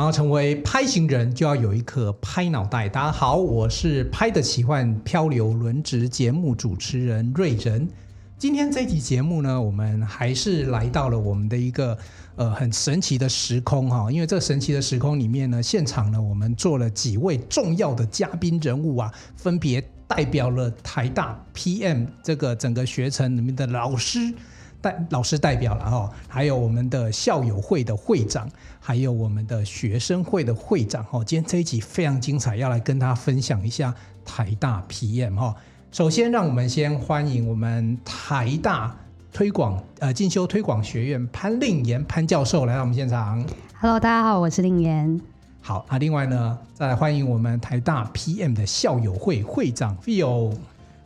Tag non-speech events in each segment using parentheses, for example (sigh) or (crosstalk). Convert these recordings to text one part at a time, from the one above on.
然後成為 Pi 型人，就要有一顆 Pi 腦袋。大家好，我是 Pi 的奇幻漂流輪值節目主持人瑞仁。今天這期節目呢，我們還是來到了我們的一個呃很神奇的時空哈、哦，因為這神奇的時空裡面呢，現場呢我們做了幾位重要的嘉賓人物啊，分別代表了台大 PM 這個整個學程裡面的老師。代老師代表了哈，還有我們的校友會的會長，還有我們的學生會的會長哈。今天這一集非常精彩，要來跟大家分享一下台大 PM 哈。首先，讓我們先歡迎我們台大推廣呃進修推廣學院潘令妍潘教授來到我們現場。Hello，大家好，我是令妍。好，那、啊、另外呢，再來歡迎我們台大 PM 的校友會會長 Phil。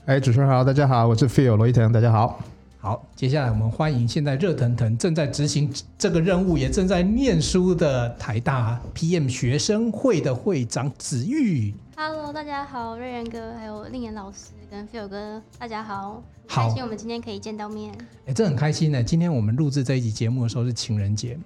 哎，hey, 主持人好，大家好，我是 Phil 羅驛騰，大家好。好，接下來我們歡迎現在熱騰騰、正在執行這個任務，也正在念書的台大 PM 學生會的會長子玉。Hello，大家好，瑞仁哥，還有令妍老師跟 Fill 哥，大家好，好開心我們今天可以見到面。真、欸、這很開心呢。今天我們錄制這一集節目的時候是情人節，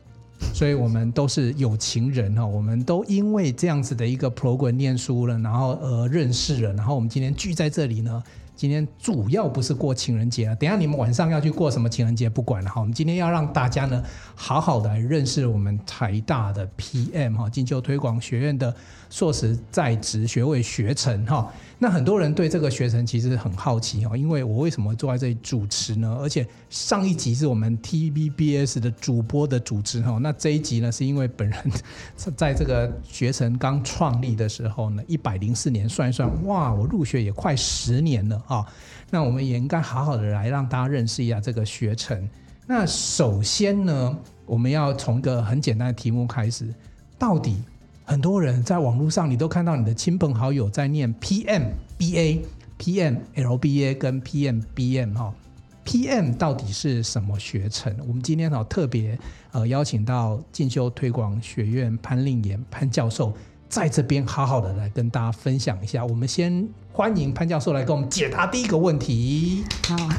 所以我們都是有情人哈、喔，我們都因為這樣子的一個 program 念書了，然後呃認識了，然後我們今天聚在這裡呢。今天主要不是過情人節啊！等下你們晚上要去過什麼情人節，不管了哈。我們今天要讓大家呢，好好的來認識我們台大的 PM 哈，進修推廣學院的碩士在職學位學程哈。那很多人對這個學程其實很好奇哈，因為我為什麼坐在這裡主持呢？而且上一集是我們 TVBS 的主播的主持哈，那這一集呢是因為本人在這個學程剛創立的時候呢，一百零四年算一算，哇，我入學也快十年了。啊、哦，那我們也應該好好的來讓大家認識一下這個學程。那首先呢，我們要從一個很簡單的題目開始。到底很多人在網絡上，你都看到你的親朋好友在念 PMBA、PMLBA 跟 PMBM 哈、哦。PM 到底是什麼學程？我們今天好特別呃邀請到進修推廣學院潘令妍潘教授在這邊好好的來跟大家分享一下。我們先。歡迎潘教授來給我們解答第一個問題。好啊。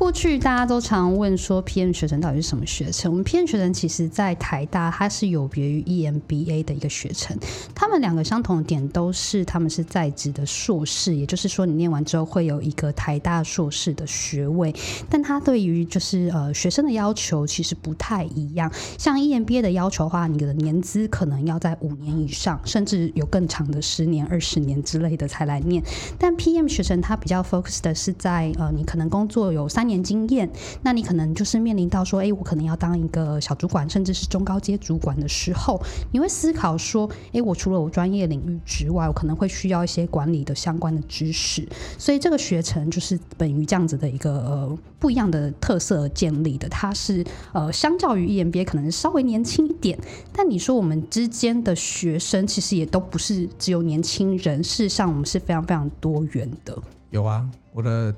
過去大家都常問說 PM 學生到底是什麼學程？我們 PM 學程其實在台大，它是有別於 EMBA 的一個學程。他們兩個相同點都是他們是在職的碩士，也就是說你念完之後會有一個台大碩士的學位，但他對於就是呃學生的要求其實不太一樣。像 EMBA 的要求的話，你的年資可能要在五年以上，甚至有更長的十年、二十年之類的才來念。但 PM 學程他比較 focus 的是在呃你可能工作有三年經驗，那你可能就是面臨到說，誒、欸，我可能要當一個小主管，甚至是中高階主管的時候，你會思考說，誒、欸，我除了我專業領域之外，我可能會需要一些管理的相關的知識。所以這個學程就是本於這樣子的一個呃不一樣的特色而建立的。它是呃相較於 EMBA 可能稍微年輕一點，但你說我們之間的學生其實也都不是只有年輕人，事實上我們是非常非常多元的。有啊，我的。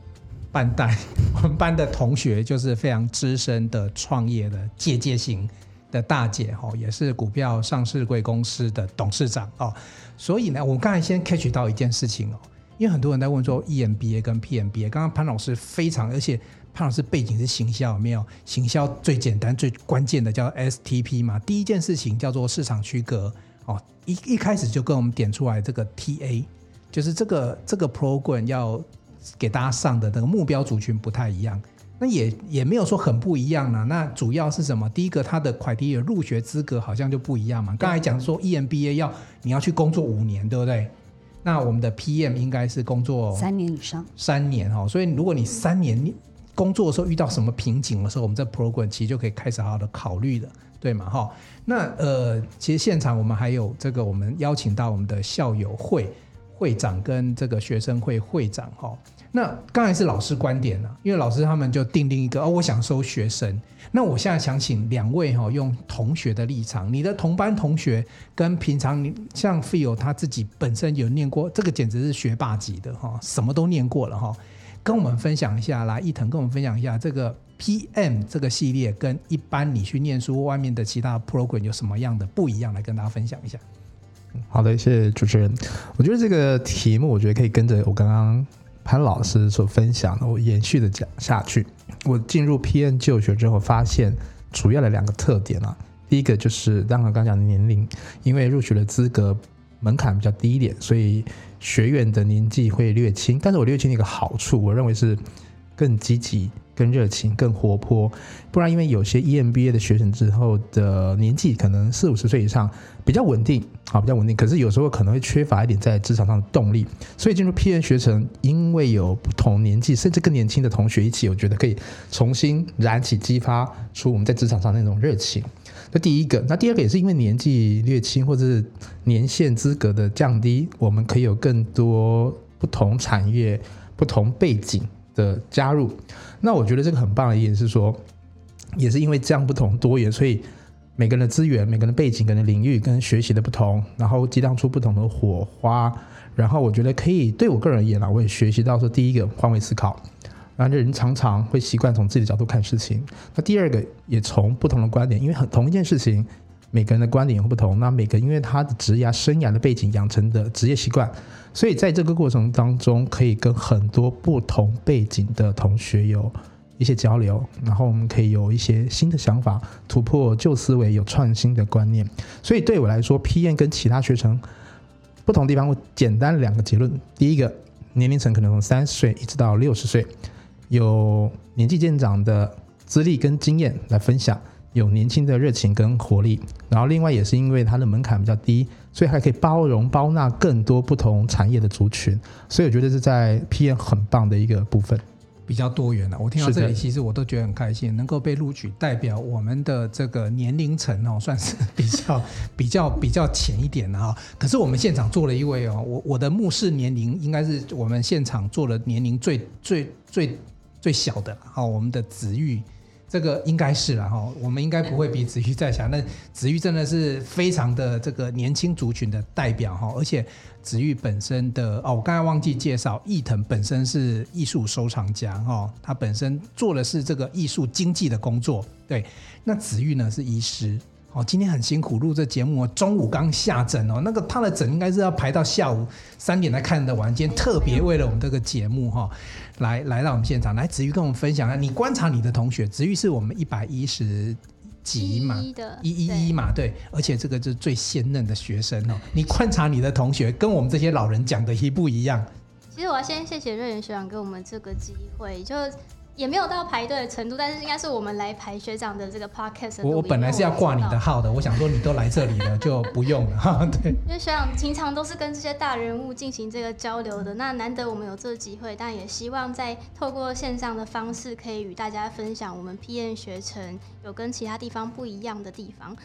班代，我們班的同學就是非常資深的創業的借鑑型的大姐哦，也是股票上市櫃公司的董事長哦。所以呢，我們剛才先 catch 到一件事情哦，因為很多人在問說 EMBA 跟 PMBA。剛剛潘老師非常，而且潘老師背景是行銷，有沒有，行銷最簡單最關鍵的叫 STP 嘛，第一件事情叫做市場區隔哦，一一開始就跟我們點出來這個 TA，就是這個這個 program 要。給大家上的那、這個目標族群不太一樣，那也也沒有說很不一樣呢、啊。那主要是什麼？第一個，他的快遞的入學資格好像就不一樣嘛。剛才講說 EMBA 要你要去工作五年，對不對？那我們的 PM 應該是工作三年以上，三年哈。所以如果你三年工作的時候遇到什麼瓶頸的時候，我們這 program 其實就可以開始好好的考慮了，對嘛哈？那呃，其實現場我們還有這個，我們邀請到我們的校友會。會長跟這個學生會會長、哦，哈，那剛才是老師觀點啊，因為老師他們就訂定一個，哦，我想收學生，那我現在想請兩位哈、哦，用同學的立場，你的同班同學跟平常你像 Phil 他自己本身有念過，這個簡直是學霸級的哈、哦，什麼都念過了哈、哦，跟我們分享一下，來，驛騰跟我們分享一下這個 PM 這個系列跟一般你去念書外面的其他 program 有什麼樣的不一樣，來跟大家分享一下。好的，謝謝主持人。我覺得這個題目，我覺得可以跟着我剛剛潘老師所分享，我延續的講下去。我進入 PM 就學之後，發現主要的兩個特點啊，第一個就是剛剛剛講的年齡，因為入學的資格門檻比較低一點，所以學員的年紀會略輕。但是我略輕的一個好處，我認為是。更積極、更熱情、更活潑，不然因為有些 EMBA 的學生之後的年紀可能四五十歲以上，比較穩定啊，比較穩定。可是有時候可能會缺乏一點在職場上的動力，所以進入 PM 學程，因為有不同年紀甚至更年輕的同學一起，我覺得可以重新燃起、激發出我們在職場上的那種熱情。那第一個，那第二個也是因為年紀略輕或者是年限資格的降低，我們可以有更多不同產業、不同背景。的加入，那我覺得這個很棒的一點是說，也是因為這樣不同多元，所以每個人的資源、每個人的背景、可能領域跟學習的不同，然後激盪出不同的火花。然後我覺得可以對我個人而言呢，我也學習到說，第一個換位思考，那人常常會習慣從自己的角度看事情。那第二個也從不同的觀點，因為很同一件事情，每個人的觀點也會不同。那每個人因為他的職業生涯的背景養成的職業習慣。所以在這個過程當中，可以跟很多不同背景的同學有一些交流，然後我們可以有一些新的想法，突破舊思維，有創新的觀念。所以對我來說，PM 跟其他學程不同地方，我簡單兩個結論：第一個，年齡層可能從三十歲一直到六十歲，有年紀漸長的資歷跟經驗來分享。有年輕的熱情跟活力，然後另外也是因為它的門檻比較低，所以還可以包容包納更多不同產業的族群，所以我覺得這是在 PM 很棒的一個部分，比較多元。我聽到這裡，其實我都覺得很開心，的能夠被錄取，代表我們的這個年齡層哦，算是比較 (laughs) 比較比較淺一點的哈、喔。可是我們現場坐了一位哦、喔，我我的目視年齡應該是我們現場坐了年齡最最最最小的啊、喔，我們的子玉。這個應該是了、啊、哈，我們應該不會比子玉再強。那子玉真的是非常的這個年輕族群的代表哈，而且子玉本身的哦，我剛才忘記介紹，驛騰本身是藝術收藏家哈、哦，他本身做的是這個藝術經濟的工作。對，那子玉呢是醫師哦，今天很辛苦錄這節目，中午剛下診哦，那個他的診應該是要排到下午三點才看得完，今天特別為了我們這個節目哈。哦來，來到我們現場，來子玉跟我們分享一下，你觀察你的同學，子玉是我們一百一十幾嘛，一一一嘛，對，對，而且這個是最鮮嫩的學生哦。你觀察你的同學，跟我們這些老人講的一不一樣？其實我要先謝謝瑞仁學長給我們這個機會，就。也沒有到排隊的程度，但是應該是我們來排學長的這個 podcast。我本來是要掛你的號的，我想說你都來這裡了， (laughs) 就不用了。對，因為學長平常都是跟這些大人物進行這個交流的，那難得我們有這個機會，但也希望在透過線上的方式，可以與大家分享我們 PM 學程有跟其他地方不一樣的地方。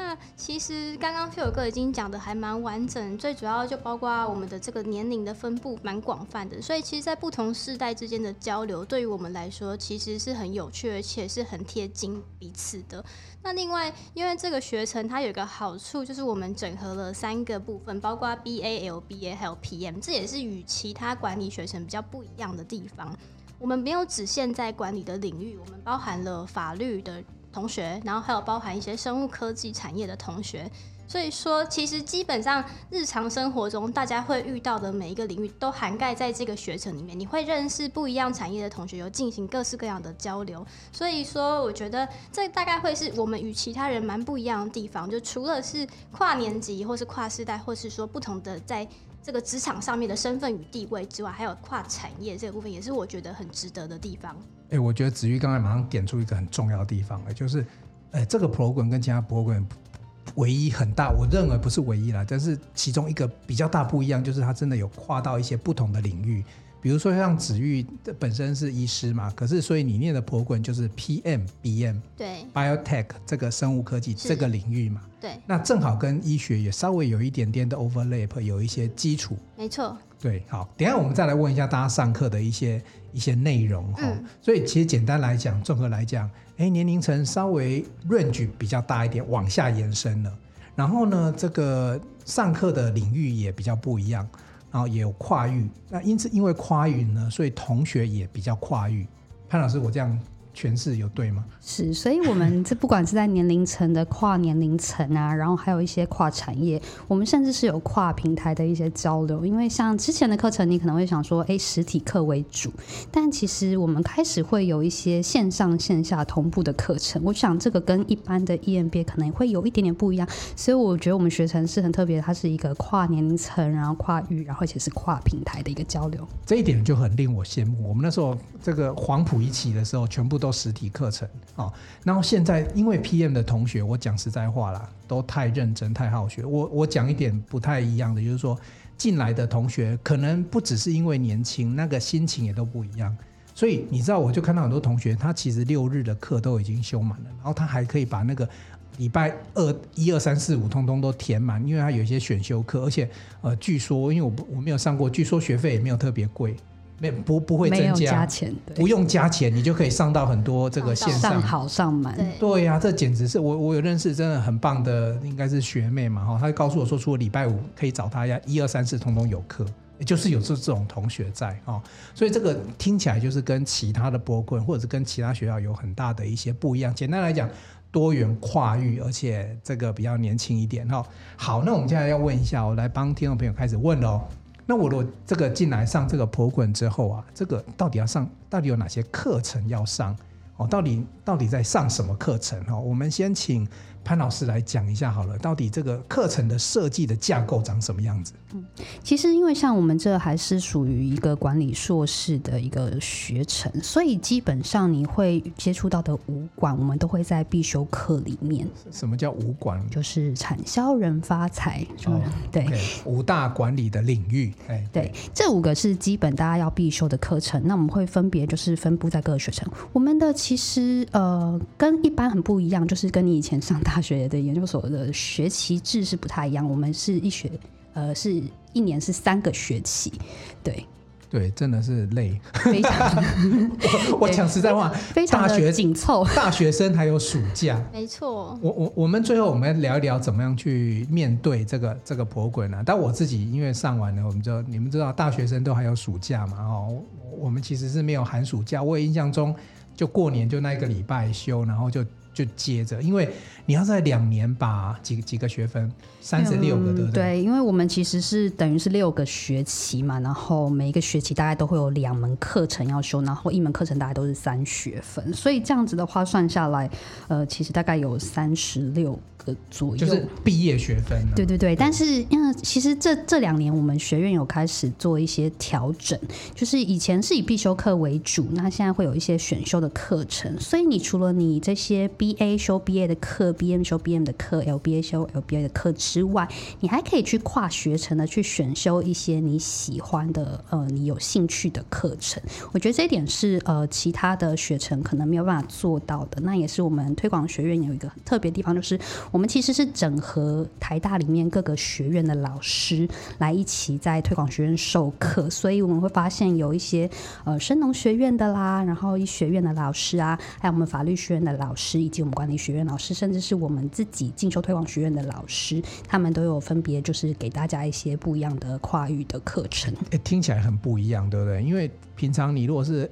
那其實剛剛飛友哥已經講的還蠻完整，最主要就包括我們的這個年齡的分布蠻廣泛的，所以其實，在不同世代之間的交流，對於我們來說其實是很有趣，而且是很貼近彼此的。那另外，因為這個學程它有一個好處，就是我們整合了三個部分，包括 B A L B A 還有 P M，這也是與其他管理學程比較不一樣的地方。我們沒有只限在管理的領域，我們包含了法律的。同學，然後還有包含一些生物科技產業的同學，所以說其實基本上日常生活中大家會遇到的每一個領域都涵蓋在這個學程裡面。你會認識不一樣產業的同學，有進行各式各樣的交流，所以說我覺得這大概會是我們與其他人蠻不一樣的地方。就除了是跨年級，或是跨世代，或是說不同的在。這個職場上面的身份與地位之外，還有跨產業這個部分，也是我覺得很值得的地方。哎、欸，我覺得子玉剛才馬上點出一個很重要的地方了，就是，哎、欸，這個 program 跟其他 program 唯一很大，我認為不是唯一啦，是但是其中一個比較大不一樣，就是它真的有跨到一些不同的領域。比如說像子玉本身是醫師嘛，可是所以你念的婆滾就是 PMBM，對，Biotech 這個生物科技是這個領域嘛，對，那正好跟醫學也稍微有一點點的 overlap，有一些基礎，沒錯，對，好，等一下我們再來問一下大家上課的一些一些內容哈、哦，嗯、所以其實簡單來講，綜合來講，哎，年齡層稍微 range 比較大一點，往下延伸了，然後呢，這個上課的領域也比較不一樣。然後也有跨域，那因此因為跨域呢，所以同學也比較跨域。潘老師，我這樣。全是有對嗎？是，所以，我們這不管是在年齡層的跨年齡層啊，然後還有一些跨產業，我們甚至是有跨平台的一些交流。因為像之前的課程，你可能會想說，哎、欸，實體課為主，但其實我們開始會有一些線上線下同步的課程。我想這個跟一般的 EMBA 可能會有一點點不一樣。所以我覺得我們學程是很特別，它是一個跨年齡層，然後跨域，然後而且是跨平台的一個交流。這一點就很令我羨慕。我們那時候這個黃埔一期的時候，全部都。實體課程，哦，然後現在因為 PM 的同學，我講實在話啦，都太認真，太好學。我我講一點不太一樣的，就是說進來的同學可能不只是因為年輕，那個心情也都不一樣。所以你知道，我就看到很多同學，他其實六日的課都已經修滿了，然後他還可以把那個禮拜二、一二三四五通通都填滿，因為他有一些選修課，而且、呃、據說因為我我沒有上過，據說學費也沒有特別貴。沒，不不會增加，加錢，不用加錢，你就可以上到很多這個線上，上好上滿，對呀、啊，這簡直是我我有認識真的很棒的應該是學妹嘛哈，她、哦、告訴我說，除了禮拜五可以找她，要一二三四通通有課，就是有這這種同學在、哦、所以這個聽起來就是跟其他的播客或者是跟其他學校有很大的一些不一樣。簡單來講，多元跨域，而且這個比較年輕一點哈、哦。好，那我們現在要問一下，我來幫聽眾朋友開始問嘍、哦。那我如果這個進來上這個普滾之後啊，這個到底要上，到底有哪些課程要上？哦，到底到底在上什麼課程？哦，我們先請。潘老師來講一下好了，到底這個課程的設計的架構長什麼樣子？嗯，其實因為像我們這還是屬於一個管理碩士的一個學程，所以基本上你會接觸到的五管，我們都會在必修課裡面。什麼叫五管？就是產銷人發財，嗯哦、對 okay，五大管理的領域。對，對，對，這五個是基本大家要必修的課程。那我們會分別就是分布在各個學程。我們的其實呃跟一般很不一樣，就是跟你以前上。大學的研究所的學期制是不太一樣，我們是一學，呃，是一年是三個學期，對，對，真的是累。非常 (laughs) 我講實在話，非常緊湊。大學，大學生還有暑假，沒錯錯。我我我們最後我們要聊一聊怎麼樣去面對這個這個婆滾呢？但我自己因為上完了，我們就你們知道，大學生都還有暑假嘛，哦，我們其實是沒有寒暑假。我也印象中就過年就那一個禮拜休，然後就。就接着，因為你要在兩年把幾幾個學分三十六個對不對？嗯，對，因為我們其實是等於是六個學期嘛，然後每一個學期大概都會有兩門課程要修，然後一門課程大概都是三學分，所以這樣子的話算下來，呃，其實大概有三十六。就是畢業學分。對對對，對但是因為其實這這兩年我們學院有開始做一些調整，就是以前是以必修課為主，那現在會有一些選修的課程。所以你除了你這些 B A 修 B A 的課，B M 修 B M 的課，L B A 修 L B A 的課之外，你還可以去跨學程的去選修一些你喜歡的呃你有興趣的課程。我覺得這一點是呃其他的學程可能沒有辦法做到的。那也是我們推廣學院有一個特別的地方，就是。我們其實是整合台大裡面各個學院的老師來一起在推廣學院授課，所以我們會發現有一些呃生農學院的啦，然後醫學院的老師啊，還有我們法律學院的老師，以及我們管理學院老師，甚至是我們自己進修推廣學院的老師，他們都有分別就是給大家一些不一樣的跨域的課程誒。誒，聽起來很不一樣，對不對？因為平常你如果是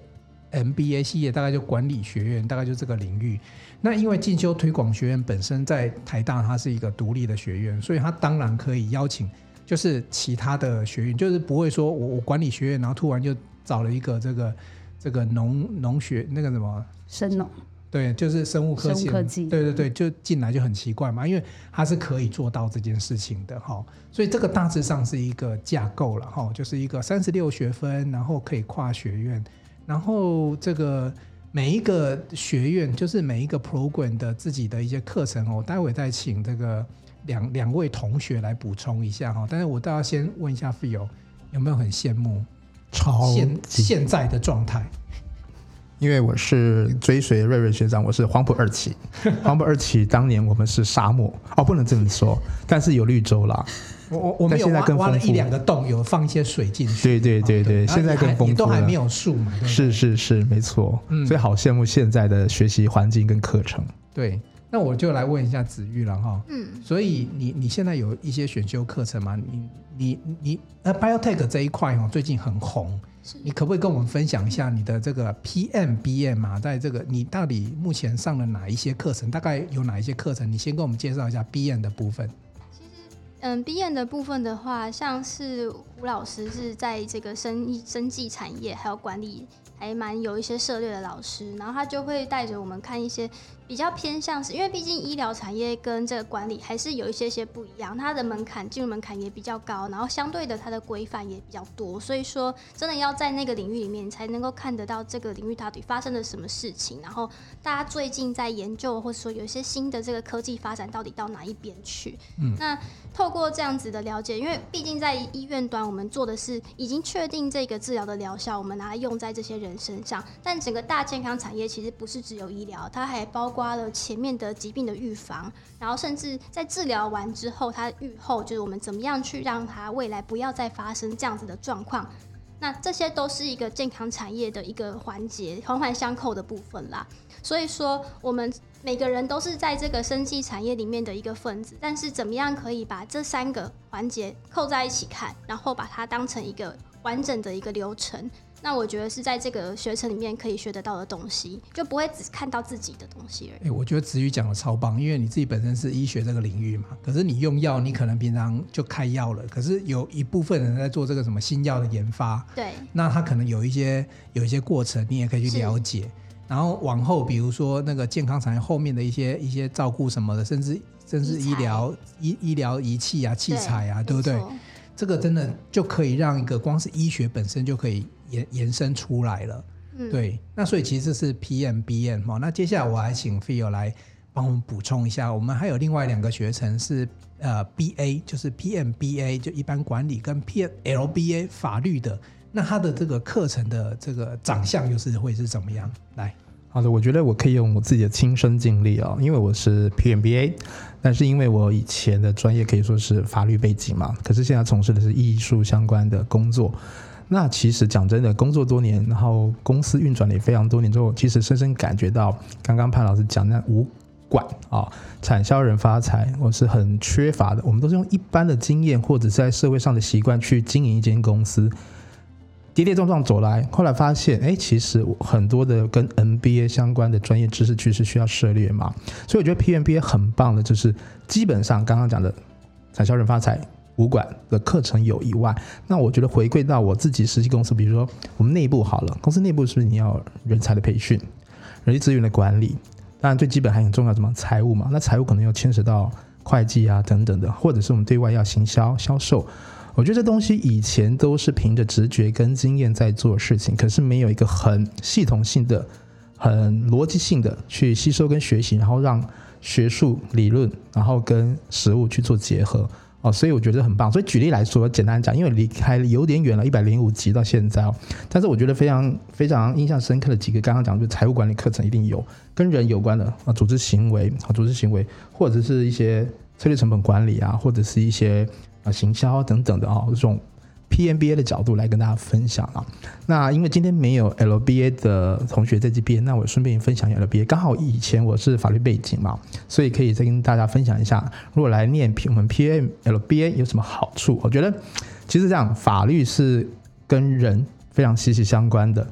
MBA 系的，大概就管理學院，大概就這個領域。那因為進修推廣學院本身在台大，它是一個獨立的學院，所以它當然可以邀請，就是其他的學院，就是不會說我我管理學院，然後突然就找了一個這個這個農農學那個什麼生農，對，就是生物科技，科技，對對對，就進來就很奇怪嘛，因為它是可以做到這件事情的哈，所以這個大致上是一個架構了哈，就是一個三十六學分，然後可以跨學院，然後這個。每一個學院就是每一個 program 的自己的一些課程哦，我待會再請這個兩兩位同學來補充一下哈。但是我倒要先問一下 feel 有沒有很羨慕現超級現在的狀態？因為我是追隨瑞瑞學長，我是黃埔二期。黃埔二期當年我們是沙漠 (laughs) 哦，不能這麼說，但是有綠洲了。我我我們有挖，挖了一兩個洞，有放一些水進去。對對對對，哦、對你還現在更豐富了都還沒有樹嘛？對對是是是，沒錯。嗯，所以好羨慕現在的學習環境跟課程。對，那我就來問一下子玉了哈。嗯，所以你你現在有一些選修課程嗎？你你你，呃，Biotech 這一塊哦，最近很紅。你可不可以跟我們分享一下你的這個 PM BM 啊？在這個你到底目前上了哪一些課程？大概有哪一些課程？你先跟我們介紹一下 BM 的部分。嗯，畢業、um, 的部分的話，像是吳老師是在這個生、生技產業還有管理還蠻有一些涉獵的老師，然後他就會帶着我們看一些。比較偏向是因為畢竟醫療產業跟這個管理還是有一些些不一樣，它的門檻進入門檻也比較高，然後相對的它的規範也比較多，所以說真的要在那個領域裡面才能夠看得到這個領域到底發生了什麼事情，然後大家最近在研究或者說有一些新的這個科技發展到底到哪一邊去。嗯，那透過這樣子的了解，因為畢竟在醫院端我們做的是已經確定這個治療的療效，我們拿來用在這些人身上，但整個大健康產業其實不是只有醫療，它還包括刮了前面的疾病的預防，然後甚至在治療完之後，它預後就是我們怎麼樣去讓它未來不要再發生這樣子的狀況。那這些都是一個健康產業的一個環節，環環相扣的部分啦。所以說，我們每個人都是在這個生技產業裡面的一個分子，但是怎麼樣可以把這三個環節扣在一起看，然後把它當成一個完整的一個流程？那我覺得是在這個學程裡面可以學得到的東西，就不會只看到自己的東西而已。欸、我覺得子玉講的超棒，因為你自己本身是醫學這個領域嘛，可是你用藥，你可能平常就開藥了，嗯、可是有一部分人在做這個什麼新藥的研發，嗯、對，那他可能有一些有一些過程，你也可以去了解。是然後往後，比如說那個健康產業後面的一些一些照顧什麼的，甚至甚至醫療才醫醫療儀器啊、器材啊，對，對不對？錯這個真的就可以讓一個光是醫學本身就可以。延延伸出來了，對，嗯，那所以其實是 PMBM，那接下來我還請 Phil 來幫我們補充一下。我們還有另外兩個學程是呃 BA，就是 PMBA，就一般管理跟 PLBA 法律的。那他的這個課程的這個長相又是會是怎麼樣？來，好的，我覺得我可以用我自己的親身經歷哦，因為我是 PMBA，但是因為我以前的專業可以說是法律背景嘛，可是現在從事的是藝術相關的工作。那其實講真的，工作多年，然後公司運轉了也非常多年之後，其實深深感覺到，剛剛潘老師講的那五管啊、哦，產銷人發財，我是很缺乏的。我們都是用一般的經驗或者在社會上的習慣去經營一間公司，跌跌撞撞走來，後來發現，哎，其實很多的跟 MBA 相關的專業知識，其實需要涉獵嘛。所以我覺得 PMBA 很棒的，就是基本上剛剛講的，產銷人發財。五管的課程有以外，那我覺得回歸到我自己實際公司，比如說我們內部好了，公司內部是不是你要人才的培訓、人力資源的管理？當然最基本還很重要，什麼財務嘛？那財務可能又牽扯到會計啊等等的，或者是我們對外要行銷、銷售。我覺得這東西以前都是憑着直覺跟經驗在做事情，可是沒有一個很系統性的、很邏輯性的去吸收跟學習，然後讓學術理論然後跟實務去做結合。所以我覺得很棒，所以舉例來說，簡單講，因為離開有點遠了，一百零五級到現在哦，但是我覺得非常非常印象深刻的幾個，剛剛講的就財務管理課程一定有跟人有關的啊，組織行為啊，組織行為或者是一些策略成本管理啊，或者是一些行銷等等的哦，這種。PMBA 的角度來跟大家分享啊。那因為今天沒有 LBA 的同學在這邊，那我順便分享一下 LBA。剛好以前我是法律背景嘛，所以可以再跟大家分享一下，如果來念 P 我們 PMBLBA 有什麼好處？我覺得其實這樣，法律是跟人非常息息相關的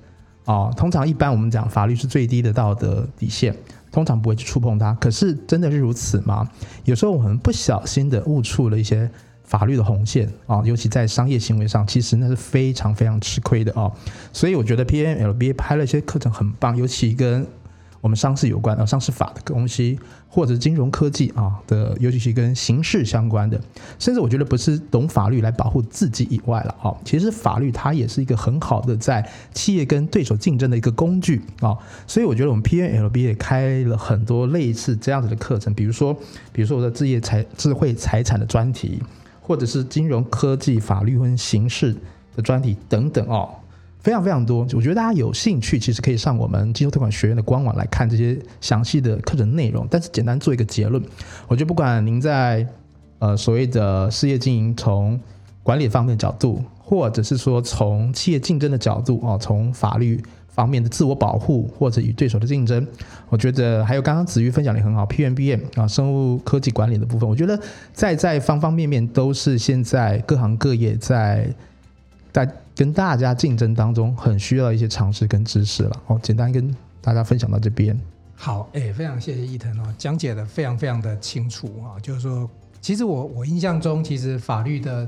哦，通常一般我們講法律是最低的道德底線，通常不會去觸碰它。可是真的是如此嗎？有時候我們不小心的誤觸了一些。法律的紅線啊、哦，尤其在商業行為上，其實那是非常非常吃虧的啊、哦。所以我覺得 P N L B A 拍了一些課程很棒，尤其跟我們商事有關啊、呃，商事法的東西，或者金融科技啊、哦、的，尤其是跟刑事相關的，甚至我覺得不是懂法律來保護自己以外了啊、哦。其實法律它也是一個很好的在企業跟對手競爭的一個工具啊、哦。所以我覺得我們 P N L B A 也開了很多類似這樣子的課程，比如說比如說我的置業財智慧財產的專題。或者是金融科技、法律和形式的專題等等哦，非常非常多。我覺得大家有興趣，其實可以上我們進修推廣學院的官網來看這些詳細的課程內容。但是簡單做一個結論，我覺得不管您在呃所謂的事業經營從管理方面的角度，或者是說從企業競爭的角度哦，從法律。方面的自我保護，或者與對手的競爭，我覺得還有剛剛子玉分享的很好，PMBM 啊，生物科技管理的部分，我覺得在在方方面面都是現在各行各業在在跟大家競爭當中很需要一些常識跟知識了。好、哦，簡單跟大家分享到這邊。好，哎、欸，非常謝謝驛騰啊，講解的非常非常的清楚啊、哦，就是說，其實我我印象中，其實法律的。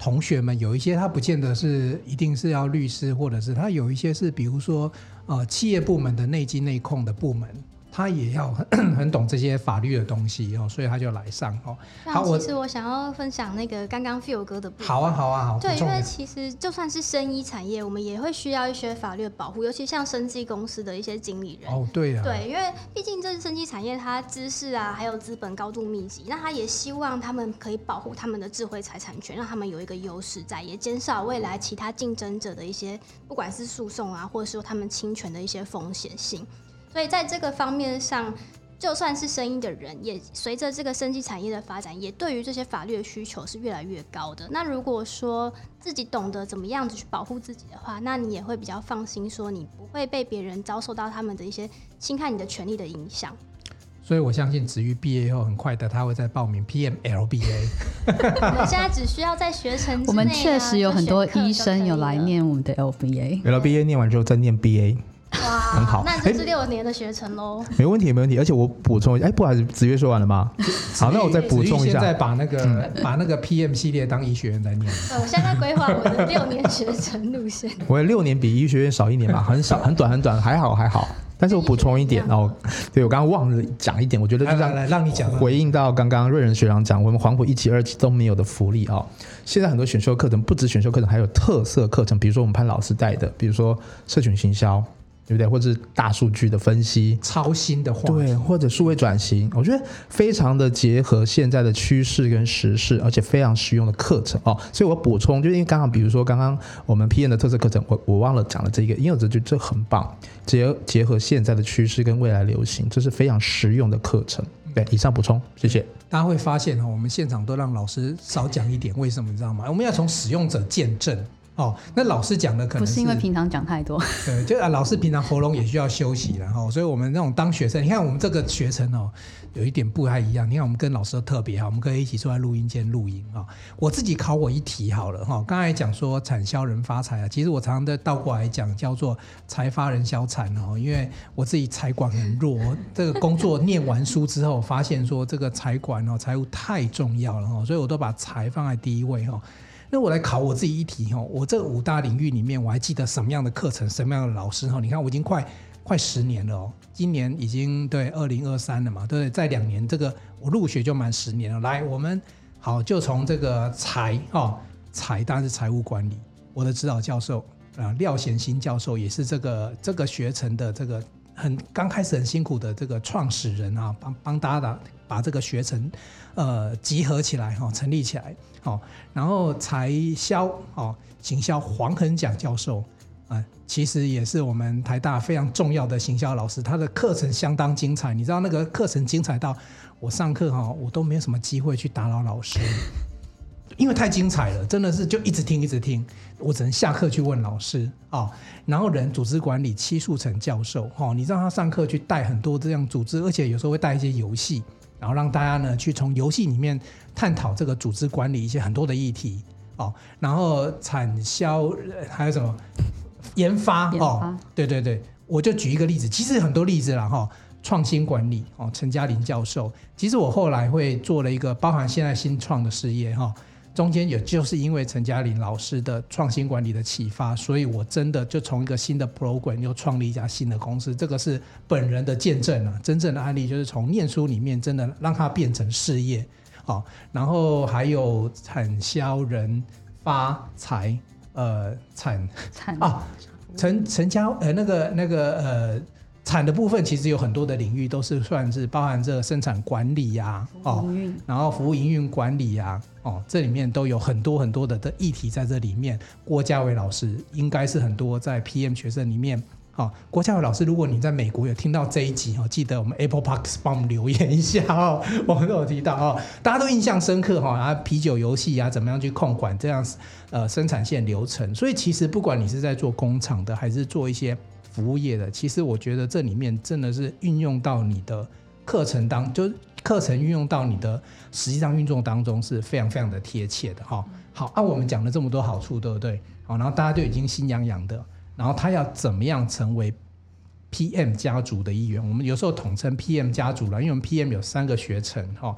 同學們有一些，他不見得是一定是要律師，或者是他有一些是，比如說，呃，企業部門的內稽內控的部門。他也要很懂這些法律的東西喔，所以他就來上哦。那其實我想要分享那個剛剛 feel 哥的部分。好啊，好啊，好。對，因為其實就算是生醫產業，我們也會需要一些法律的保護，尤其像生技公司的一些經理人。哦，對啊。對，因為畢竟這是生技產業，它知識啊，還有資本高度密集，那他也希望他們可以保護他們的智慧財產權，讓他們有一個優勢在，也減少未來其他競爭者的一些不管是訴訟啊，或者說他們侵權的一些風險性。所以在這個方面上，就算是生意的人，也隨着這個生技產業的發展，也對於這些法律的需求是越來越高的。那如果說自己懂得怎麼樣子去保護自己的話，那你也會比較放心，說你不會被別人遭受到他們的一些侵害你的權利的影響。所以我相信子玉畢業以後，很快的他會再報名 P M L B A。 (laughs) (laughs) 我們現在只需要在學程、啊。我們確實有很多醫生有來念我們的 L B A，L B A 念完之後再念 B A。很好，那就是六年的學程咯，欸、沒問題，沒問題。而且我補充，哎、欸，不好意思，子玉說完了嗎？玉好，那我再補充一下。現在把那個，嗯、把那個 PM 系列當醫學院來念。我現在規劃我的六年學程路線。我六年比醫學院少一年嘛，很少，很短，很短，還好，還好。但是我補充一點哦，對，我剛剛忘了講一點，我覺得來來，讓你講。回應到剛剛瑞仁學長講，我們黃埔一期、二期都沒有的福利哦。現在很多選修課程，不止選修課程，還有特色課程，比如說我們潘老師帶的，比如說社群行銷。對不對？或者是大數據的分析，超新的話，對，或者數位轉型，對我覺得非常的結合現在的趨勢跟時事，而且非常實用的課程哦。所以我補充，就是、因為剛好，比如說剛剛我們 PM 的特色課程，我我忘了講了這個，因為我覺得這很棒，結結合現在的趨勢跟未來流行，這是非常實用的課程。對，以上補充，謝謝。嗯嗯、大家會發現哈、哦，我們現場都讓老師少講一點，為什麼？你知道嗎？我們要從使用者見證。哦，那老師講的可能是不是因為平常講太多，對，就啊，老師平常喉嚨也需要休息，然、哦、後，所以我們那種當學生，你看我們這個學生哦，有一點不太一樣。你看我們跟老師特別好，我們可以一起坐在錄音間錄音啊、哦。我自己考我一題好了哈。剛、哦、才講說產銷人發財啊。其實我常常的倒過來講，叫做財發人銷產哦。因為我自己財管很弱， (laughs) 這個工作念完書之後，發現說這個財管哦，財務太重要了哦，所以我都把財放在第一位哈。那我來考我自己一題哈、哦，我這五大領域裡面我還記得什麼樣的課程、什麼樣的老師哈、哦？你看我已經快快十年了哦，今年已經對二零二三了嘛，對，再兩年這個我入學就滿十年了。來，我們好就從這個財哦，財，當然是財務管理。我的指導教授啊廖賢新教授也是這個這個學程的這個很剛開始很辛苦的這個創始人啊幫幫搭的。把這個學程，呃，集合起來哈，成立起來好、哦，然後才銷哦，行銷黃恆獎教授啊、呃，其實也是我們台大非常重要的行銷老師，他的課程相當精彩。你知道那個課程精彩到我上課哈、哦，我都沒有什麼機會去打擾老師，因為太精彩了，真的是就一直聽一直聽，我只能下課去問老師啊、哦。然後人組織管理戚樹誠教授哈、哦，你知道他上課去帶很多這樣組織，而且有時候會帶一些遊戲。然後讓大家呢，去從遊戲裡面探討這個組織管理一些很多的議題哦，然後產銷，呃，還有什麼研發哦，發對對對，我就舉一個例子，其實很多例子了哈，哦，創新管理哦，陳嘉玲教授，其實我後來會做了一個包含現在新創的事業哈。哦中間也就是因為陳嘉玲老師的創新管理的啟發，所以我真的就從一個新的 program 又創立一家新的公司，這個是本人的見證啊！真正的案例就是從念書裡面真的讓它變成事業啊、哦，然後還有產銷人發財，呃，產產長啊，陳陳嘉呃那個那個呃。產的部分其實有很多的領域都是算是包含這個生產管理呀、啊，哦，然後服務營運管理呀、啊，哦，這裡面都有很多很多的的議題在這裡面。郭嘉偉老師應該是很多在 PM 學生裡面，啊，郭嘉偉老師，如果你在美國有聽到這一集，哦，記得我們 Apple Podcast 幫我們留言一下哦。我們都有提到哦，大家都印象深刻哈、哦，啊，啤酒遊戲啊，怎麼樣去控管這樣呃生產線流程。所以其實不管你是在做工廠的，還是做一些。服務業的，其實我覺得這裡面真的是運用到你的課程當，就課程運用到你的實際上運作當中是非常非常的貼切的哈、哦。好，啊，我們講了這麼多好處，對不對？好，然後大家就已經心癢癢的，然後他要怎麼樣成為 PM 家族的一員？我們有時候統稱 PM 家族了，因為我們 PM 有三個學程哈、哦。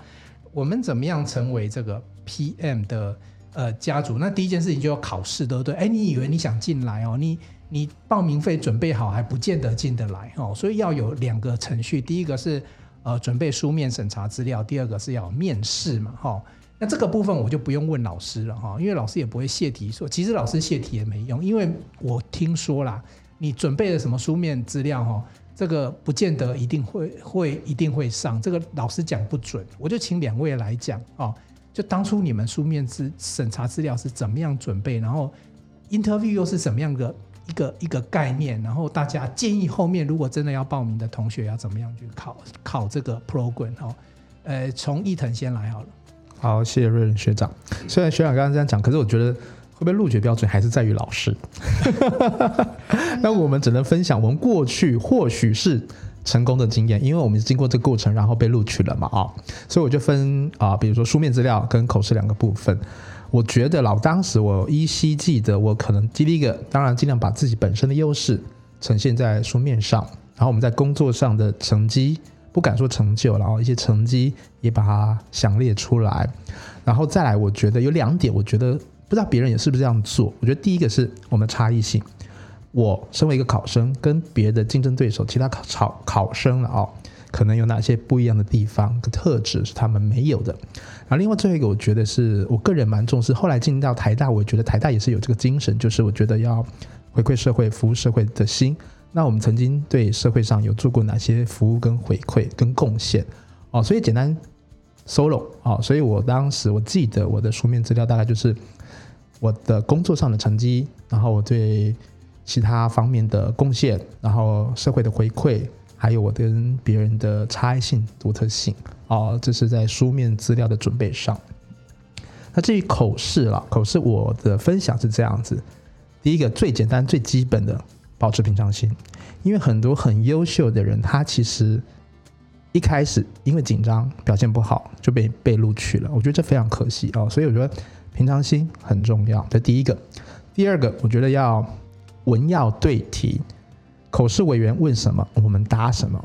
我們怎麼樣成為這個 PM 的？呃，家族那第一件事情就要考試，對不對？哎，你以為你想進來哦？你你報名費準備好還不見得進得來哦，所以要有兩個程序。第一個是呃準備書面審查資料，第二個是要面試嘛，哈。那這個部分我就不用問老師了哈，因為老師也不會洩題。說其實老師洩題也沒用，因為我聽說啦，你準備了什麼書面資料哈，這個不見得一定會會一定會上，這個老師講不準。我就請兩位來講哦。就當初你們書面資審查資料是怎麼樣準備，然後 interview 又是怎麼樣的一個一個，一個概念？然後大家建議後面如果真的要報名的同學要怎麼樣去考考這個 program 哦？呃，從驛騰先來好了。好，謝謝瑞仁學長。雖然學長剛剛這樣講，可是我覺得會不會錄取標準還是在於老師。 (laughs) (laughs) 那我們只能分享我們過去或許是成功的經驗，因為我們是經過這個過程，然後被錄取了嘛啊、哦，所以我就分啊、呃，比如說書面資料跟口試兩個部分。我覺得老當時我依稀記得，我可能第一個當然盡量把自己本身的優勢呈現在書面上，然後我們在工作上的成績不敢說成就，然後一些成績也把它詳列出來，然後再來我覺得有兩點，我覺得不知道別人也是不是這樣做，我覺得第一個是我們差異性。我身為一個考生，跟別的競爭對手、其他考考考生了哦，可能有哪些不一樣的地方、特質是他們沒有的。然後，另外最後一個，我覺得是我個人蠻重視。後來進到台大，我覺得台大也是有這個精神，就是我覺得要回饋社會、服務社會的心。那我們曾經對社會上有做過哪些服務、跟回饋、跟貢獻？哦，所以簡單 solo 哦。所以我當時我記得我的書面資料大概就是我的工作上的成績，然後我對。其他方面的貢獻，然後社會的回饋，還有我跟別人的差異性、獨特性哦，這是在書面資料的準備上。那至於口試啦，口試我的分享是這樣子：第一個，最簡單、最基本的，保持平常心，因為很多很優秀的人，他其實一開始因為緊張表現不好就被被錄取了，我覺得這非常可惜哦。所以我覺得平常心很重要，這第一個。第二個，我覺得要。文要對題，口試委員問什麼，我們答什麼。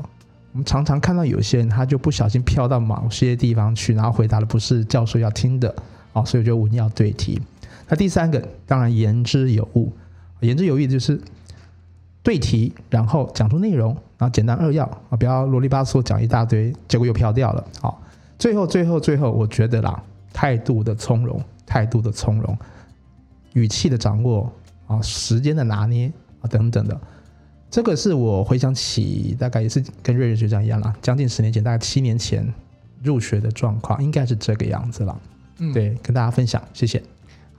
我們常常看到有些人，他就不小心飄到某些地方去，然後回答的不是教授要聽的、哦、所以就文要對題。那第三個，當然言之有物，言之有意就是對題，然後講出內容，然後簡單扼要啊，不要囉里吧嗦講一大堆，結果又飄掉了。好、哦，最後最後最後，我覺得啦，態度的從容，態度的從容，語氣的掌握。啊，時間的拿捏啊，等等的，這個是我回想起大概也是跟瑞瑞學長一樣啦，將近十年前，大概七年前入學的狀況，應該是這個樣子了。嗯，對，跟大家分享，謝謝。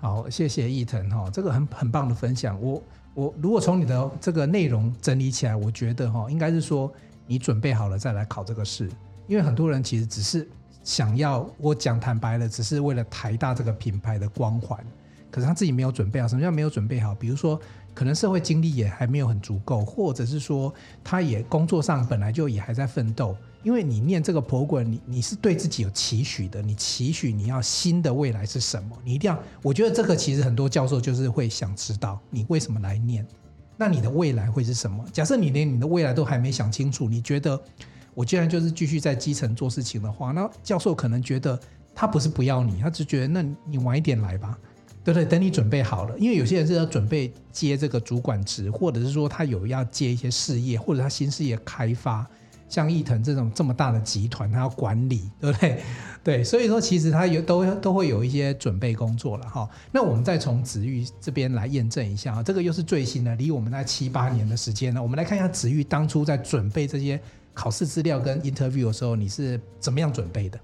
好，謝謝驛騰，哈、哦，這個很很棒的分享。我我如果從你的這個內容整理起來，我覺得哈、哦，應該是說你準備好了再來考這個試，因為很多人其實只是想要，我講坦白了，只是為了台大這個品牌的光環。可是他自己沒有準備好，什麼叫沒有準備好？比如說，可能社會經歷也還沒有很足夠，或者是說，他也工作上本來就也還在奮鬥。因為你念這個 program，你你是對自己有期許的，你期許你要新的未來是什麼？你一定要，我覺得這個其實很多教授就是會想知道，你為什麼來念？那你的未來會是什麼？假設你連你的未來都還沒想清楚，你覺得我既然就是繼續在基層做事情的話，那教授可能覺得他不是不要你，他只覺得那你晚一點來吧。對對，等你準備好了，因為有些人是要準備接這個主管職，或者是說他有要接一些事業，或者他新事業開發，像驛騰這種這麼大的集團，他要管理，對不對？對，所以說其實他也都都會有一些準備工作了哈、哦。那我們再從子玉這邊來驗證一下啊，這個又是最新的，離我們大概七八年的時間了。我們來看一下子玉當初在準備這些考試資料跟 interview 的時候，你是怎麼樣準備的？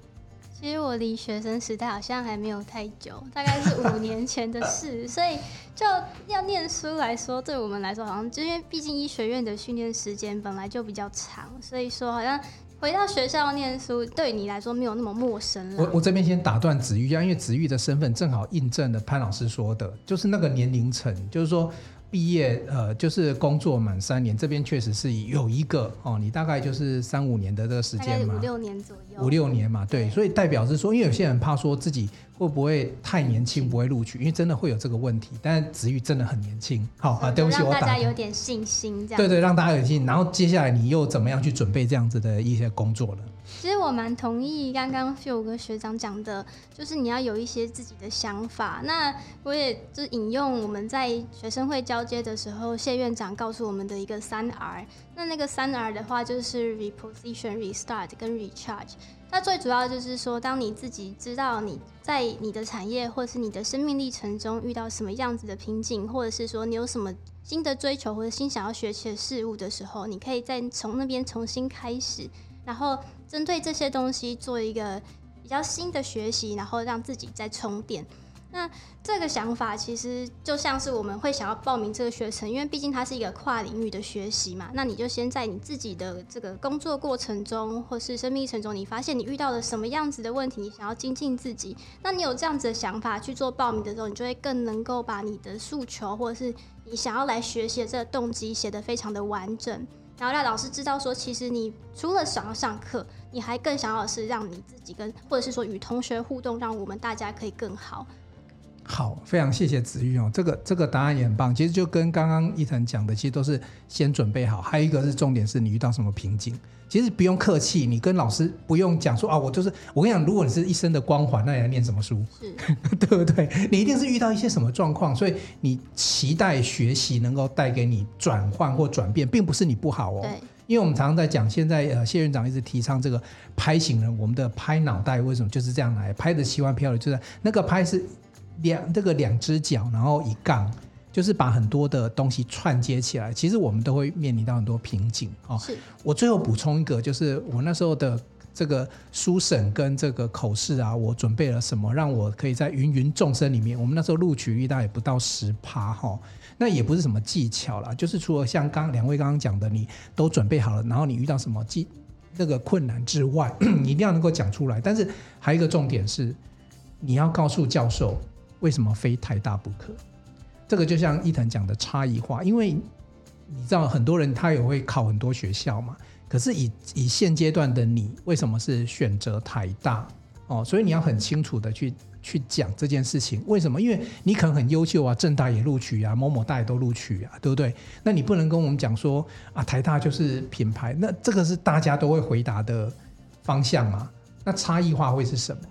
其實我離學生時代好像還沒有太久，大概是五年前的事， (laughs) 所以就要念書來說，對我們來說好像，就是、因為畢竟醫學院的訓練時間本來就比較長，所以說好像回到學校念書對你來說沒有那麼陌生了。我我這邊先打斷子玉、啊，因為子玉的身份正好印證了潘老師說的，就是那個年齡層，就是說。畢業呃，就是工作滿三年，這邊確實是有一個哦，你大概就是三五年的這個時間嘛，五六年左右，五六年嘛，對，對，所以代表是說，因為有些人怕說自己會不會太年輕，輕不會錄取，因為真的會有這個問題，但是子玉真的很年輕，好的啊，對不起我打斷，讓大家有點信心，這樣子。對，對對，讓大家有信心，然後接下來你又怎麼樣去準備這樣子的一些工作呢？其實我蠻同意剛剛秀哥學長講的，就是你要有一些自己的想法。那我也就引用我們在學生會交接的時候，謝院長告訴我們的一個三 R。那那個三 R 的話，就是 reposition、restart 跟 recharge。那最主要就是說，當你自己知道你在你的產業或是你的生命歷程中遇到什麼樣子的瓶頸，或者是說你有什麼新的追求或者新想要學習的事物的時候，你可以再從那邊重新開始。然後針對這些東西做一個比較新的學習，然後讓自己再充電。那這個想法其實就像是我們會想要報名這個學程，因為畢竟它是一個跨領域的學習嘛。那你就先在你自己的這個工作過程中，或是生命歷程中，你發現你遇到了什麼樣子的問題，你想要精進自己。那你有這樣子的想法去做報名的時候，你就會更能夠把你的訴求，或者是你想要來學習的這個動機，寫得非常的完整。然後讓老師知道說，其實你除了想要上課，你還更想要的是讓你自己跟，或者是說與同學互動，讓我們大家可以更好。好，非常謝謝子玉哦，這個這個答案也很棒。其實就跟剛剛驛騰講的，其實都是先準備好，還有一個是重點是你遇到什麼瓶頸。其實不用客氣，你跟老師不用講說啊，我就是我跟你講，如果你是一生的光環，那你還念什麼書？是 (laughs) 對不對？你一定是遇到一些什麼狀況，所以你期待學習能夠帶給你轉換或轉變，並不是你不好哦。對因為我們常常在講，現在呃，謝院長一直提倡這個 Pi 型人，我們的 Pi 腦袋為什麼就是這樣來 Pi 的，奇幻漂流就是那個 Pi 是。兩這個兩隻腳，然後一槓，就是把很多的東西串接起來。其實我們都會面臨到很多瓶頸哦。是我最後補充一個，就是我那時候的這個書審跟這個口試啊，我準備了什麼，讓我可以在芸芸眾生裡面，我們那時候錄取率大概也不到十趴哈。那也不是什麼技巧啦，就是除了像剛兩位剛剛講的，你都準備好了，然後你遇到什麼技那個困難之外， (coughs) 你一定要能夠講出來。但是還有一個重點是，你要告訴教授。為什麼非台大不可？這個就像驛騰講的差異化，因為你知道很多人他也會考很多學校嘛。可是以以現階段的你，為什麼是選擇台大？哦，所以你要很清楚的去去講這件事情，為什麼？因為你可能很優秀啊，政大也錄取啊，某某大也都錄取啊，對不對？那你不能跟我們講說啊，台大就是品牌，那這個是大家都會回答的方向嘛？那差異化會是什麼？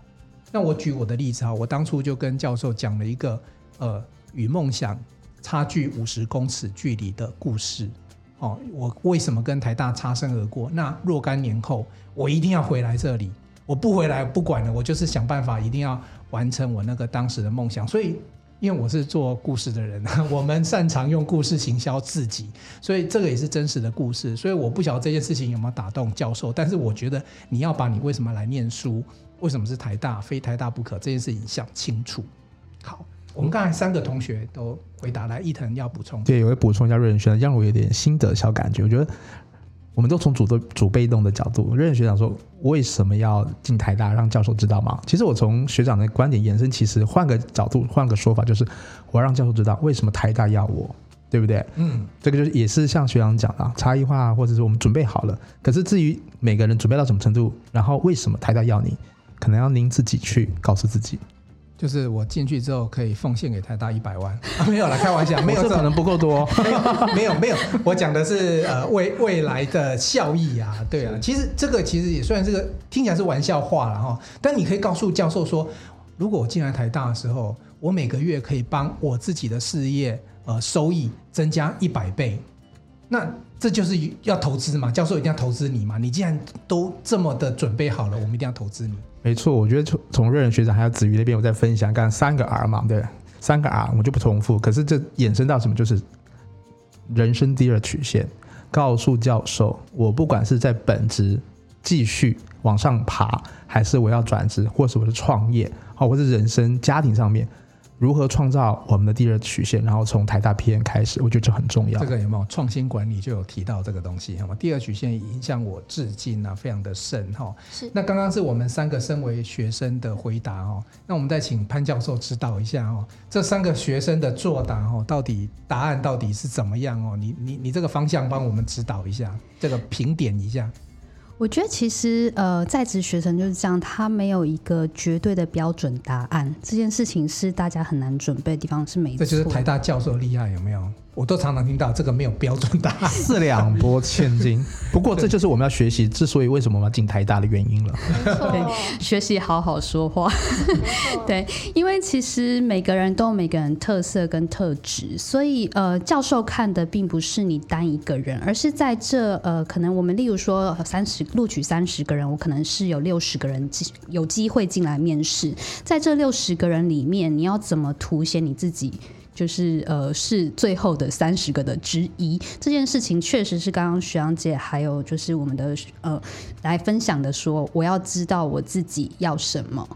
那我舉我的例子哈，我當初就跟教授講了一個呃與夢想差距五十公尺距離的故事哦，我為什麼跟台大擦身而過？那若干年後，我一定要回來這裡，我不回來不管了，我就是想辦法一定要完成我那個當時的夢想。所以，因為我是做故事的人，我們擅長用故事行銷自己，所以這個也是真實的故事。所以我不曉得這件事情有沒有打動教授，但是我覺得你要把你為什麼來念書。為什麼是台大？非台大不可？這件事情想清楚。好，我們剛才三個同學都回答了。來，驛騰、嗯、要補充，對，我會補充一下瑞仁學長，讓我有點心得小感覺。我覺得我們都從主動、主被動的角度，瑞仁學長說為什麼要進台大？讓教授知道嗎？其實我從學長的觀點延伸，其實換個角度，換個說法，就是我要讓教授知道為什麼台大要我，對不對？嗯，這個就是也是像學長講的差異化，或者是我們準備好了。可是至於每個人準備到什麼程度，然後為什麼台大要你？可能要您自己去告訴自己，就是我進去之後可以奉獻給台大一百萬、 (laughs) 啊，沒有啦，開玩笑，沒有這可能不夠多 (laughs) (laughs) 沒有，沒有沒有，我講的是呃未未來的效益啊，對啊，是其實這個其實也算是個聽起來是玩笑話啦哈，但你可以告訴教授說，如果我進來台大的時候，我每個月可以幫我自己的事業呃收益增加一百倍。那這就是要投資嘛，教授一定要投資你嘛。你既然都這麼的準備好了，我們一定要投資你。沒錯，我覺得從從瑞仁學長還有子玉那邊，我再分享，剛剛三個 R 嘛，對，三個 R 我就不重複。可是這衍生到什麼，就是人生第二曲線。告訴教授，我不管是在本職繼續往上爬，還是我要轉職，或是我的創業，啊，或是人生家庭上面。如何創造我們的第二曲線？然後從台大 PM 開始，我覺得這很重要，嗯。這個有沒有創新管理就有提到這個東西，好嗎？第二曲線影響我至今了，啊，非常的深哈。是那剛剛是我們三個身為學生的回答哦。那我們再請潘教授指導一下哦。這三個學生的作答哦，到底答案到底是怎麼樣哦？你你你這個方向幫我們指導一下，這個評點一下。我覺得其實，呃，在職學生就是這樣，他沒有一個絕對的標準答案。這件事情是大家很難準備的地方，是沒錯的。這就是台大教授厲害，有沒有？我都常常聽到這個沒有標準答案，四兩撥千斤。不過這就是我們要學習，之所以為什麼我們要進台大的原因了。學習好好說話。 (laughs) 對，因為其實每個人都有每個人特色跟特質，所以呃，教授看的並不是你單一個人，而是在這呃，可能我們例如說三十錄取三十個人，我可能是有六十個人有機會進來面試，在這六十個人裡面，你要怎麼凸顯你自己？就是呃，是最後的三十個的之一這件事情，確實是剛剛學長姐還有就是我們的呃來分享的說，說我要知道我自己要什麼。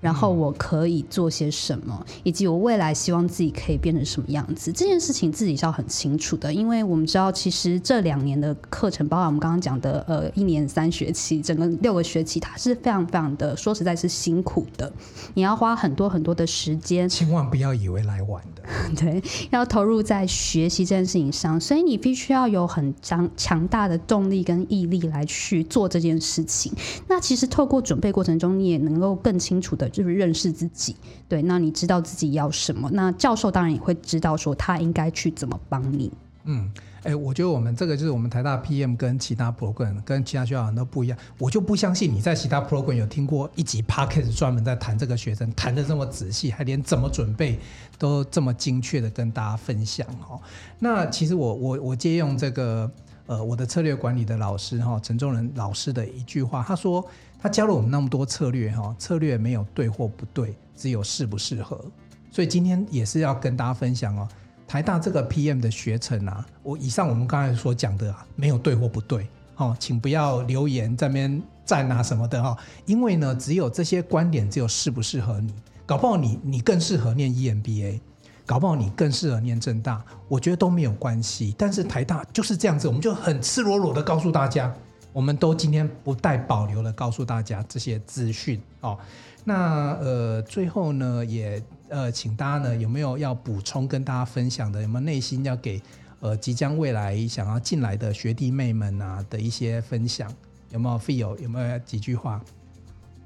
然後我可以做些什麼，嗯、以及我未來希望自己可以變成什麼樣子，這件事情自己是要很清楚的。因為我們知道，其實這兩年的課程，包括我們剛剛講的呃一年三學期，整個六個學期，它是非常非常的，說實在是辛苦的。你要花很多很多的時間，千萬不要以為來玩的。 (laughs) 對，要投入在學習這件事情上，所以你必須要有很強強大的動力跟毅力來去做這件事情。那其實透過準備過程中，你也能夠更清楚的。就是認識自己，對，那你知道自己要什麼？那教授當然也會知道，說他應該去怎麼幫你。嗯，哎、欸，我覺得我們這個就是我們台大 PM 跟其他 program 跟其他學校都不一樣。我就不相信你在其他 program 有聽過一級 packet 專門在談這個學生談的這麼仔細，還連怎麼準備都這麼精確的跟大家分享哦，那其實我我我借用這個呃我的策略管理的老師哈陳忠仁老師的一句話，他說。他教了我們那麼多策略哈、哦，策略沒有對或不對，只有適不適合。所以今天也是要跟大家分享哦，台大這個 PM 的學程啊，我以上我們剛才所講的啊，沒有對或不對哦，請不要留言在那邊讚啊什麼的哈、哦，因為呢，只有這些觀點，只有適不適合你，搞不好你你更適合念 EMBA，搞不好你更適合念政大，我覺得都沒有關係。但是台大就是這樣子，我們就很赤裸裸的告訴大家。我們都今天不帶保留的告訴大家這些資訊哦。那呃最後呢，也呃請大家呢有沒有要補充跟大家分享的？有沒有內心要給呃即將未來想要進來的學弟妹們啊的一些分享？有沒有 feel 有沒有幾句話？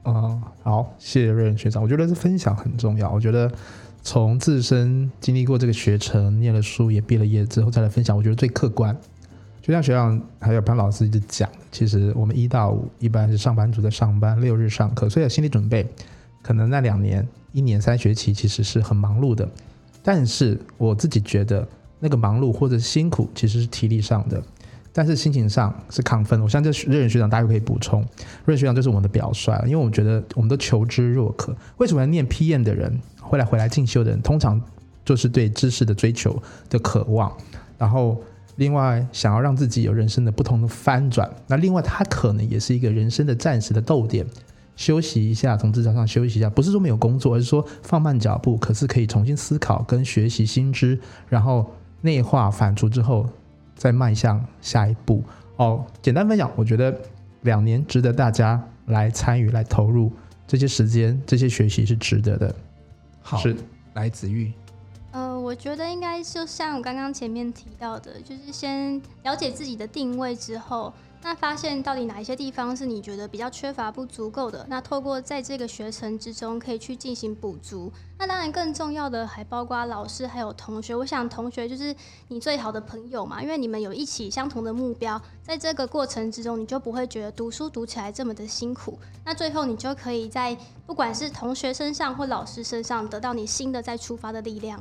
啊、嗯，好，謝謝瑞仁學長，我覺得這分享很重要。我覺得從自身經歷過這個學程，念了書也畢了業之後再來分享，我覺得最客觀。就像學長還有潘老師一直講。其實我們一到五一般是上班族在上班，六日上課，所以有心理準備。可能那兩年一年三學期其實是很忙碌的，但是我自己覺得那個忙碌或者辛苦其實是體力上的，但是心情上是亢奮。我相信這瑞仁學長，大家可以補充，瑞仁學長就是我們的表率了，因為我覺得我們都求知若渴。為什麼要念 PM 的人回來回來進修的人，通常就是對知識的追求的渴望，然後。另外，想要讓自己有人生的不同的翻轉，那另外他可能也是一個人生的暫時的逗點，休息一下，從職場上休息一下，不是說沒有工作，而是說放慢腳步，可是可以重新思考跟學習新知，然後內化反芻之後，再邁向下一步。哦，簡單分享，我覺得兩年值得大家來參與、來投入這些時間、這些學習是值得的。好，是。來，子玉。我覺得應該就像我剛剛前面提到的，就是先了解自己的定位之後，那發現到底哪一些地方是你覺得比較缺乏不足夠的，那透過在這個學程之中可以去進行補足。那當然更重要的還包括老師還有同學。我想同學就是你最好的朋友嘛，因為你們有一起相同的目標，在這個過程之中，你就不會覺得讀書讀起來這麼的辛苦。那最後你就可以在不管是同學身上或老師身上得到你新的再出發的力量。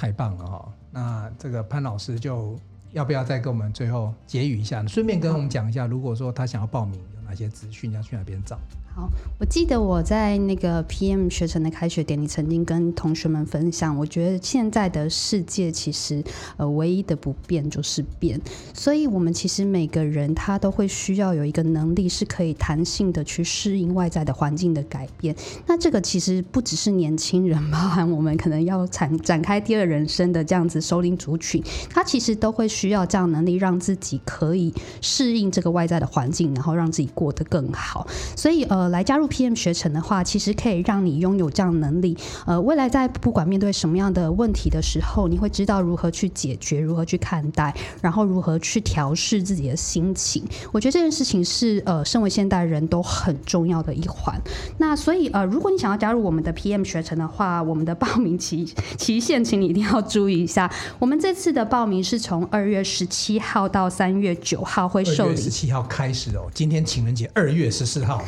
太棒了哈、哦！那這個潘老師就要不要再跟我們最後結語一下呢？順便跟我們講一下，如果說他想要報名，有哪些資訊，要去哪邊找？好，我記得我在那個 PM 學程的開學典禮，曾經跟同學們分享，我覺得現在的世界其實呃唯一的不變就是變，所以我們其實每個人他都會需要有一個能力，是可以彈性的去適應外在的環境的改變。那這個其實不只是年輕人，包含我們可能要展展開第二人生的這樣子熟齡族群，他其實都會需要這樣能力，讓自己可以適應這個外在的環境，然後讓自己過得更好。所以呃。呃，來加入 PM 學程的話，其實可以讓你擁有這樣的能力。呃，未來在不管面對什麼樣的問題的時候，你會知道如何去解決，如何去看待，然後如何去調適自己的心情。我覺得這件事情是呃，身為現代人都很重要的一環。那所以呃，如果你想要加入我們的 PM 學程的話，我們的報名期期限，請你一定要注意一下。我們這次的報名是從二月十七號到三月九號會受理。二月十七號開始哦，今天情人節，二月十四號。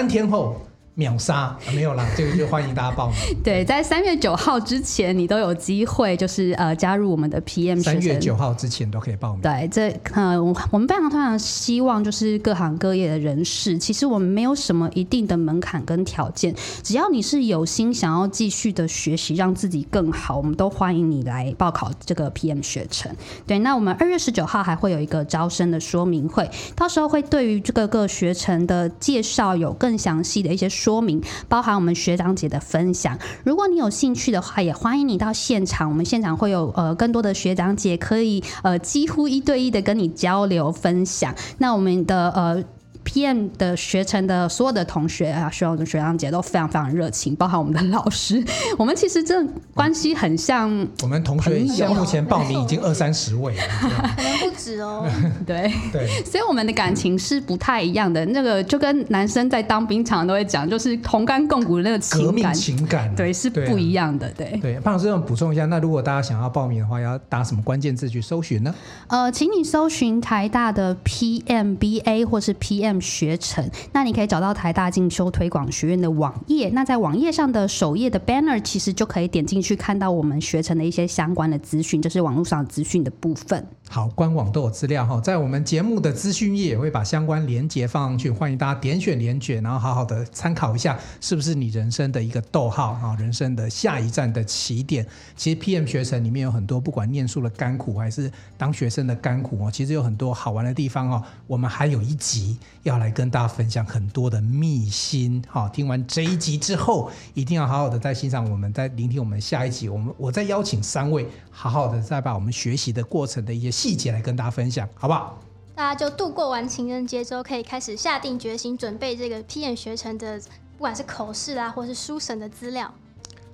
三天後。秒殺、啊、沒有啦，這個就歡迎大家報名。對，對在三月九號之前，你都有機會，就是呃加入我們的 PM 學程。三月九號之前都可以報名。對，這呃，我們非常非常希望，就是各行各業的人士，其實我們沒有什麼一定的門檻跟條件，只要你是有心想要繼續的學習，讓自己更好，我們都歡迎你來報考這個 PM 學程。對，那我們二月十九號還會有一個招生的說明會，到時候會對於這個各學程的介紹有更詳細的一些說。說明包含我們學長姐的分享，如果你有興趣的話，也歡迎你到現場。我們現場會有呃更多的學長姐可以呃幾乎一對一的跟你交流分享。那我們的呃。PM 的學程的所有的同學啊，學長學長姐都非常非常熱情，包含我們的老師，我們其實這關係很像、嗯、我們同學。像目前報名已經二三十位了，可能、嗯、樣不止哦。對 (laughs) 對，所以我們的感情是不太一樣的。那個就跟男生在當兵，常常都會講，就是同甘共苦的那個情感，革命情感，對，是不一樣的。對、啊、對，潘老師要補充一下，那如果大家想要報名的話，要打什麼關鍵字去搜尋呢？呃，請你搜尋台大的 PMBA 或是 PM。學程，那你可以找到台大進修推廣學院的網頁，那在網頁上的首頁的 banner 其實就可以點進去看到我們學程的一些相關的資訊，就是網絡上資訊的部分。好，官網都有資料哈，在我們節目的資訊頁也會把相關鏈接放上去，歡迎大家點選連結，然後好好的參考一下，是不是你人生的一個逗號啊，人生的下一站的起點。其實 PM 學程裡面有很多，不管念書的甘苦還是當學生的甘苦哦，其實有很多好玩的地方哦。我們還有一集。要來跟大家分享很多的祕辛，好，聽完這一集之後，一定要好好的再欣賞，我們再聆聽我們下一集。我們我再邀請三位，好好的再把我們學習的過程的一些細節來跟大家分享，好不好？大家就度過完情人節之後，可以開始下定決心準備這個 PM 學程的，不管是口試啊，或是書審的資料。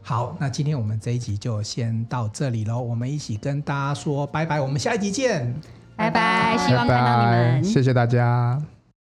好，那今天我們這一集就先到這裡嘍，我們一起跟大家說拜拜，我們下一集見，拜拜，希望看到你們，拜拜，謝謝大家。